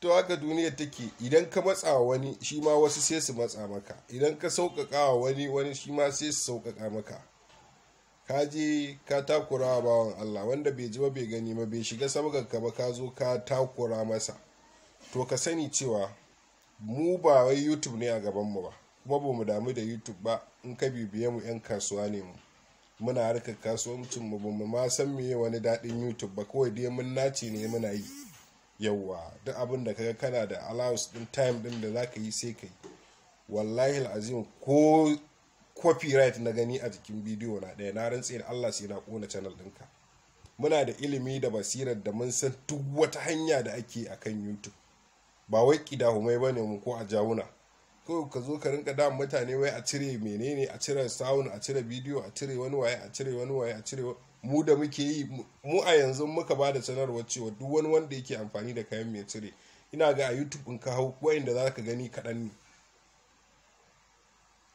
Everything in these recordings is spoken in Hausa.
to haka duniya take idan ka matsa wani shi ma wasu sai su matsa maka idan ka sauƙaƙa wa wani wani shi ma sai su sauƙaƙa maka ka je ka takura wa bawan Allah wanda bai ji ba bai gani ma bai shiga sabgar ka ba ka zo ka takura masa to ka sani cewa mu ba wai YouTube ne a gaban mu ba kuma ba mu damu da YouTube ba in ka bibiye mu 'yan kasuwa ne mu muna harkar kasuwancin mu bamu ma san meye wani daɗin youtube ba kawai dai mun nace ne muna yi yawa duk abin da kaga kana da allowance din time din da zaka yi sai kai wallahi alazim ko copyright na gani a jikin bidiyo na ɗaya na rantse da Allah sai na kona channel ɗinka muna da ilimi da basirar da mun san duk wata hanya da ake akan youtube ba wai kidahumai bane mu ko a jawuna ko ka zo ka rinka da mutane wai a cire menene a cire sound a cire bidiyo a cire wani waye a cire wani waye a cire mu da muke yi mu a yanzu muka ba da sanarwar cewa duk wani wanda yake amfani da kayan mai cire ina ga a youtube in ka hau wayanda za ka gani kaɗan ne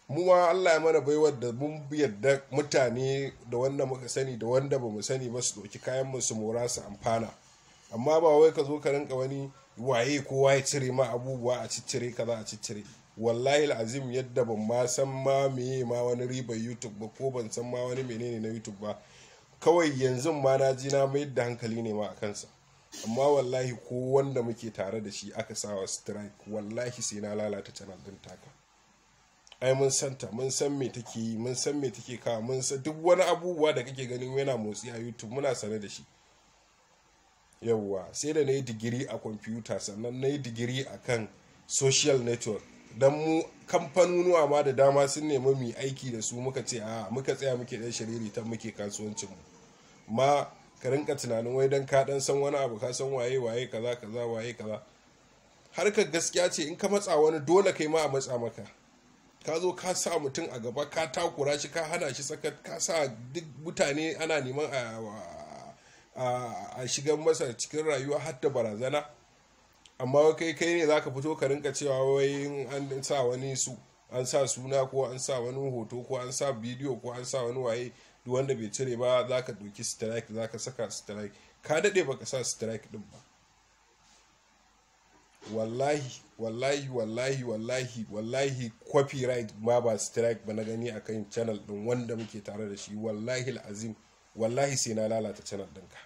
mu ma allah ya mana baiwar da mun yadda mutane da wanda muka sani da wanda ba mu sani ba su ɗauki kayan mu su mora su amfana amma ba wai ka zo ka rinka wani waye kowa ya cire ma abubuwa a ciccire kaza a ciccire wallahi azim yadda ban ma san ma meye ma wani ribar youtube ba ko ban san ma wani menene na youtube ba kawai yanzu ma na ji na mayar da hankali ne ma a kansa amma wallahi ko wanda muke tare da shi aka sawa strike wallahi sai na lalata channel din taka ai mun santa mun san me take yi mun san me take kawo mun san duk wani abubuwa da kake ganin yana motsi a youtube muna sane da shi yawwa sai da na yi digiri a kwamfuta sannan na yi digiri a kan social network don mu kamfanunuwa ma da dama sun nemi mu aiki da su muka ce a muka tsaya muke dan shiriri ta muke kasuwancin mu ma ka rinka tunanin wai dan ka dan san wani abu ka san waye waye kaza kaza waye kaza harkar gaskiya ce in ka matsa wani dole kai ma a matsa maka ka zo ka sa mutum a gaba ka takura shi ka hana shi saka ka sa duk mutane ana neman a shigar masa cikin rayuwa har da barazana amma kai kai ne zaka fito ka rinka cewa wai an sa wani su an sa suna ko an sa wani hoto ko an sa bidiyo ko an sa wani waye duk wanda bai cire ba zaka ɗauki strike zaka saka strike ka daɗe baka sa strike din ba wallahi wallahi wallahi wallahi wallahi copyright ma ba strike ba na gani akan channel ɗin wanda muke tare da shi wallahi al'azim wallahi sai na lalata channel ɗinka.